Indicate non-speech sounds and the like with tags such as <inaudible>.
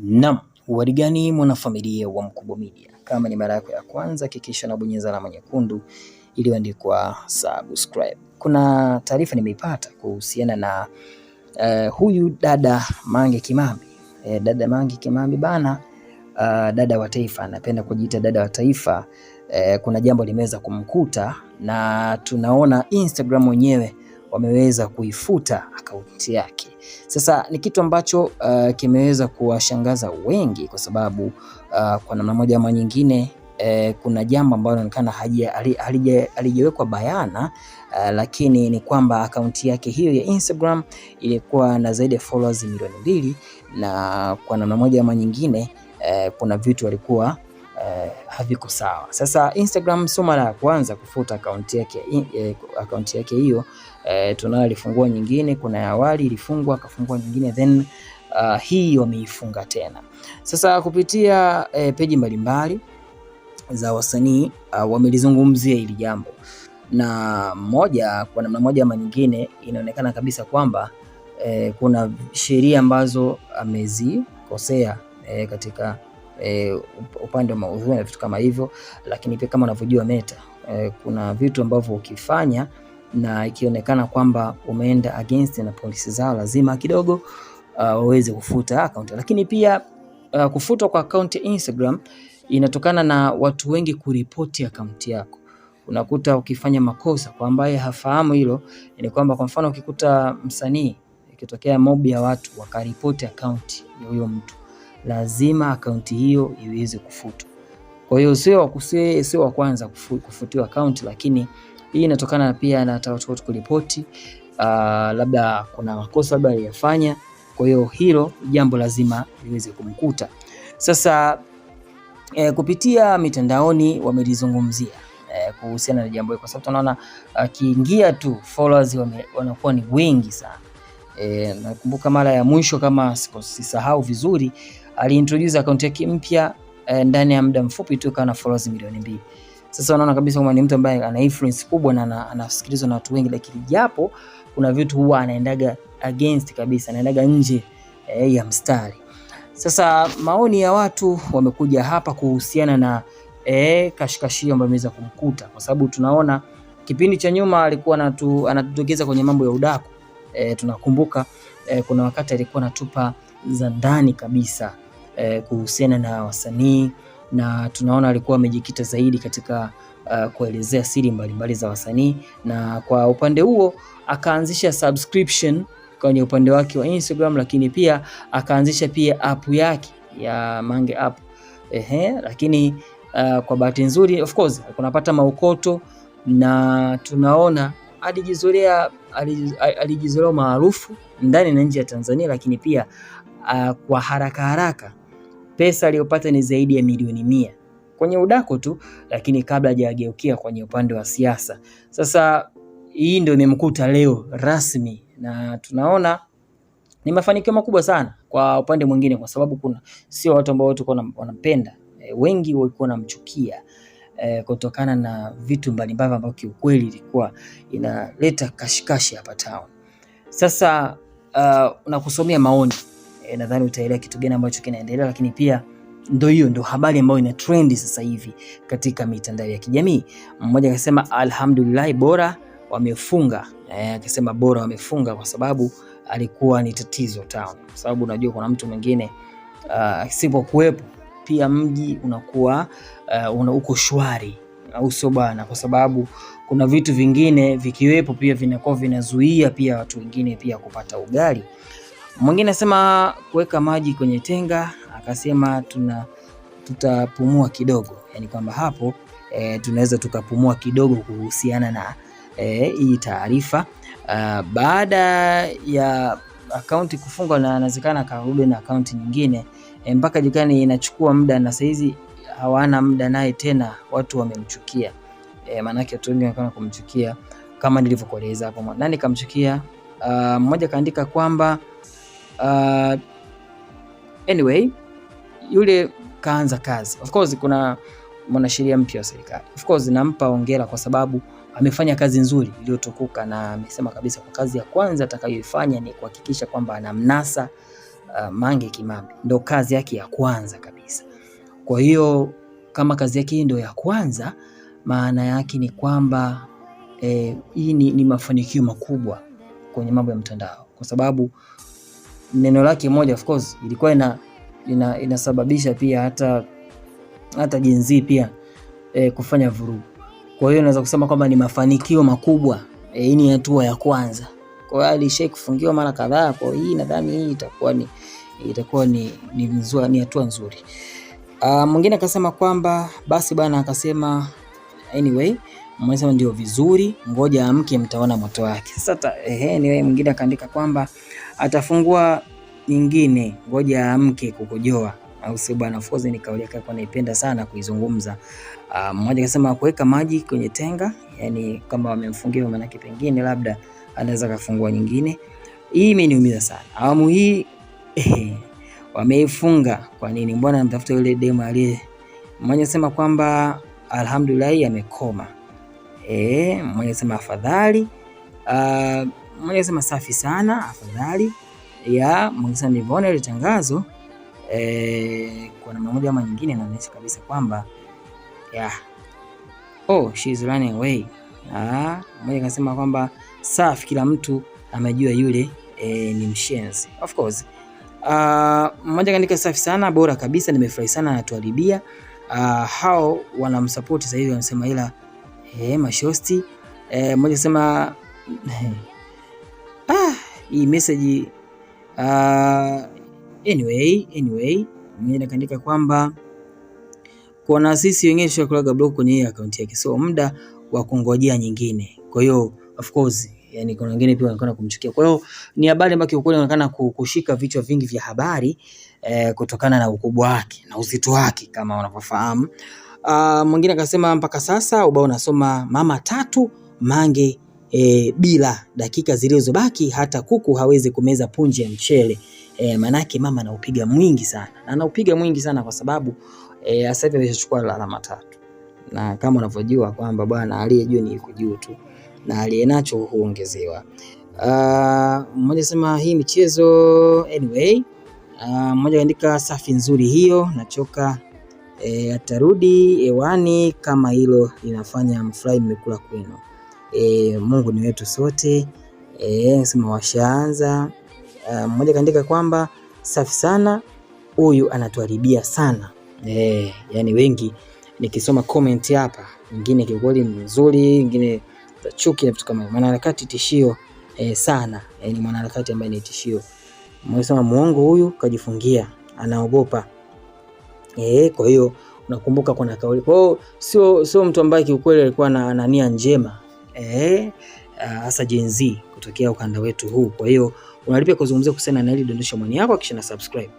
Naam, warigani gani mwanafamilia wa Mkubwa Media? Kama ni mara yako ya kwanza hakikisha unabonyeza alama nyekundu iliyoandikwa subscribe. Kuna taarifa nimeipata kuhusiana na uh, huyu dada Mange Kimambi eh, dada Mange Kimambi bana Uh, dada wa taifa anapenda kujiita dada wa taifa eh, kuna jambo limeweza kumkuta na tunaona Instagram wenyewe wameweza kuifuta akaunti yake. Sasa ni kitu ambacho uh, kimeweza kuwashangaza wengi kwa sababu uh, kwa namna moja ama nyingine uh, kuna jambo ambalo linaonekana halijawekwa bayana uh, lakini ni kwamba akaunti yake hiyo ya Instagram ilikuwa na zaidi ya followers milioni mbili na kwa namna moja ama nyingine eh, kuna vitu walikuwa eh, haviko sawa. Sasa Instagram sio mara ya kwanza kufuta akaunti yake eh, hiyo e, tunayo alifungua nyingine, kuna ya awali ilifungwa akafungua nyingine then uh, hii wameifunga tena. Sasa kupitia e, peji mbalimbali za wasanii uh, wamelizungumzia hili jambo na moja kwa namna moja ama nyingine inaonekana kabisa kwamba e, kuna sheria ambazo amezikosea e, katika e, upande wa maudhui na vitu kama hivyo, lakini pia kama unavyojua Meta e, kuna vitu ambavyo ukifanya na ikionekana kwamba umeenda against na polisi zao, lazima kidogo uh, waweze uh, kufuta akaunti. Lakini pia uh, kufutwa kwa akaunti ya Instagram inatokana na watu wengi kuripoti akaunti yako. Unakuta ukifanya makosa, kwa ambaye hafahamu hilo ni kwamba, kwa mfano ukikuta msanii ikitokea mob ya watu wakaripoti akaunti ya huyo mtu, lazima akaunti hiyo iweze kufutwa. Kwa hiyo sio sio wa kwanza kufutiwa akaunti, lakini hii inatokana pia na watu kuripoti uh, labda kuna makosa labda aliyafanya. Kwa hiyo hilo jambo lazima liweze kumkuta. Sasa eh, kupitia mitandaoni wamelizungumzia eh, kuhusiana na jambo hili, kwa sababu tunaona akiingia ah, tu followers wanakuwa ni wengi sana. E, nakumbuka mara ya mwisho kama sisahau vizuri, aliintroduce account yake mpya e, ndani ya muda mfupi tu ikawa na followers milioni mbili. Sasa unaona kabisa kwamba ni mtu ambaye ana influence kubwa na anasikilizwa na watu wengi, lakini japo kuna vitu huwa anaendaga against kabisa, anaendaga nje eh, ya mstari. Sasa maoni ya watu wamekuja hapa kuhusiana na eh, kashikashi ambayo imeweza kumkuta, kwa sababu tunaona kipindi cha nyuma alikuwa anatu, anatutokeza kwenye mambo ya udaku eh, tunakumbuka eh, kuna wakati alikuwa anatupa za ndani kabisa eh, kuhusiana na wasanii na tunaona alikuwa amejikita zaidi katika uh, kuelezea siri mbalimbali mbali za wasanii, na kwa upande huo akaanzisha subscription kwenye upande wake wa Instagram, lakini pia akaanzisha pia app yake ya Mange app. Ehe, lakini uh, kwa bahati nzuri of course kunapata maukoto na tunaona alijizolea alijizolea maarufu ndani na nje ya Tanzania, lakini pia uh, kwa haraka haraka Pesa aliyopata ni zaidi ya milioni mia kwenye udako tu, lakini kabla hajageukia kwenye upande wa siasa. Sasa hii ndio imemkuta leo rasmi, na tunaona ni mafanikio makubwa sana kwa upande mwingine, kwa sababu kuna sio watu ambao watu wanampenda e, wengi walikuwa wanamchukia e, kutokana na vitu mbalimbali ambavyo kiukweli ilikuwa inaleta kashikashi hapa town. Sasa uh, nakusomea maoni e, nadhani utaelewa kitu gani ambacho kinaendelea, lakini pia ndo hiyo ndo habari ambayo ina trendi sasa hivi katika mitandao ya kijamii. Mmoja akasema alhamdulillah, bora wamefunga, eh, akasema e, bora wamefunga kwa sababu alikuwa ni tatizo town, kwa sababu unajua kuna mtu mwingine asipokuwepo ah, pia mji unakuwa uh, una uko shwari, au sio bwana? Kwa sababu kuna vitu vingine vikiwepo pia vinakuwa vinazuia pia watu wengine pia kupata ugali Mwingine asema kuweka maji kwenye tenga, akasema tuna tutapumua kidogo, yani kwamba hapo e, tunaweza tukapumua kidogo kuhusiana na e, hii taarifa uh, baada ya akaunti kufungwa, na inawezekana akarudi na akaunti nyingine e, mpaka jikani inachukua muda, na saizi hawana muda naye tena, watu wamemchukia e, maanake watu wengi wanaonekana kumchukia kama nilivyokueleza hapo. Nani kamchukia? Uh, mmoja kaandika kwamba Uh, anyway yule kaanza kazi. Of course kuna mwanasheria mpya wa serikali. Of course nampa ongera kwa sababu amefanya kazi nzuri iliyotukuka, na amesema kabisa kwa kazi ya kwanza atakayoifanya ni kuhakikisha kwamba anamnasa uh, Mange Kimambi. ndo kazi yake ya kwanza kabisa. Kwa hiyo kama kazi yake hii ndo ya kwanza, maana yake ni kwamba eh, hii ni, ni mafanikio makubwa kwenye mambo ya mtandao kwa sababu neno lake moja of course ilikuwa ina, ina, inasababisha pia hata hata jinzi pia e, kufanya vurugu. Kwa hiyo naweza kusema kwamba ni mafanikio makubwa e, hii ni hatua ya kwanza. Kwa hiyo alishai kufungiwa mara kadhaa, kwa hii nadhani hii itakuwa ni itakuwa ni ni hatua ni nzuri. Uh, mwingine akasema kwamba basi bana akasema anyway mmoja ndio vizuri, ngoja amke, mtaona moto wake. Sasa ehe, ni wewe. Mwingine akaandika kwamba atafungua nyingine, ngoja amke kukojoa, au sio bwana? Fozi ni kauli yake kwa naipenda sana kuizungumza. Ah, mmoja akasema kuweka maji kwenye tenga, yani kama wamemfungia, maana kipengine labda anaweza kafungua nyingine. Hii imeniumiza sana awamu hii eh, wameifunga kwa nini? Mbona namtafuta yule demo aliye. Mmoja sema kwamba alhamdulillah amekoma eh, mmoja sema afadhali, Uh, mmoja sema safi sana, afadhali ya mmoja sema nivone ile tangazo eh, kwa namna moja ama nyingine inaonyesha kabisa kwamba yeah. Oh, she is running away. Ah, mmoja kasema kwamba safi, kila mtu amejua yule eh, ni mshenzi of course. Uh, mmoja kaandika safi sana, bora kabisa, nimefurahi sana, anatuharibia. Uh, hao wanamsupport sasa hivi wanasema ila eh, mashosti eh, mmoja sema <laughs> ah, hii message uh, anyway anyway, mimi nakaandika kwamba kwa na sisi wenyewe tushakulaga block kwenye hii account yake, so muda wa kungojea nyingine. Kwa hiyo of course yani kuna wengine pia wanakana kumchukia. Kwa hiyo ni habari ambayo kiukweli inaonekana kushika vichwa vingi vya habari eh, kutokana na ukubwa wake na uzito wake kama wanavyofahamu Uh, mwingine akasema mpaka sasa ubao unasoma mama tatu mange e, bila dakika zilizobaki hata kuku hawezi kumeza punje ya mchele e, manake mama anaupiga mwingi sana, na anaupiga mwingi sana kwa sababu e, sasa hivi ameshachukua alama tatu, na kama unavyojua kwamba bwana aliye juu ni kujuu tu na aliye nacho huongezewa. Uh, mmoja sema hii michezo anyway. Uh, mmoja kaandika safi nzuri hiyo, nachoka e, atarudi hewani kama hilo linafanya mfurahi mmekula kwenu. E, Mungu ni wetu sote e, sema washaanza. E, mmoja kaandika kwamba safi sana, huyu anatuharibia sana e, yani wengi nikisoma comment hapa, nyingine kiukweli ni nzuri, nyingine za chuki na vitu kama hivyo. Mwanaharakati tishio e, sana e, ni mwanaharakati ambaye ni tishio. Mwisema muongo huyu kajifungia, anaogopa E, kwa hiyo unakumbuka kuna kauli. Kwa hiyo sio sio mtu ambaye kiukweli alikuwa na, na nia njema eh, ah, hasa Gen Z kutokea ukanda wetu huu. Kwa hiyo unalipia kuzungumzia kuhusiana na hili, dondosha maoni yako kisha na subscribe.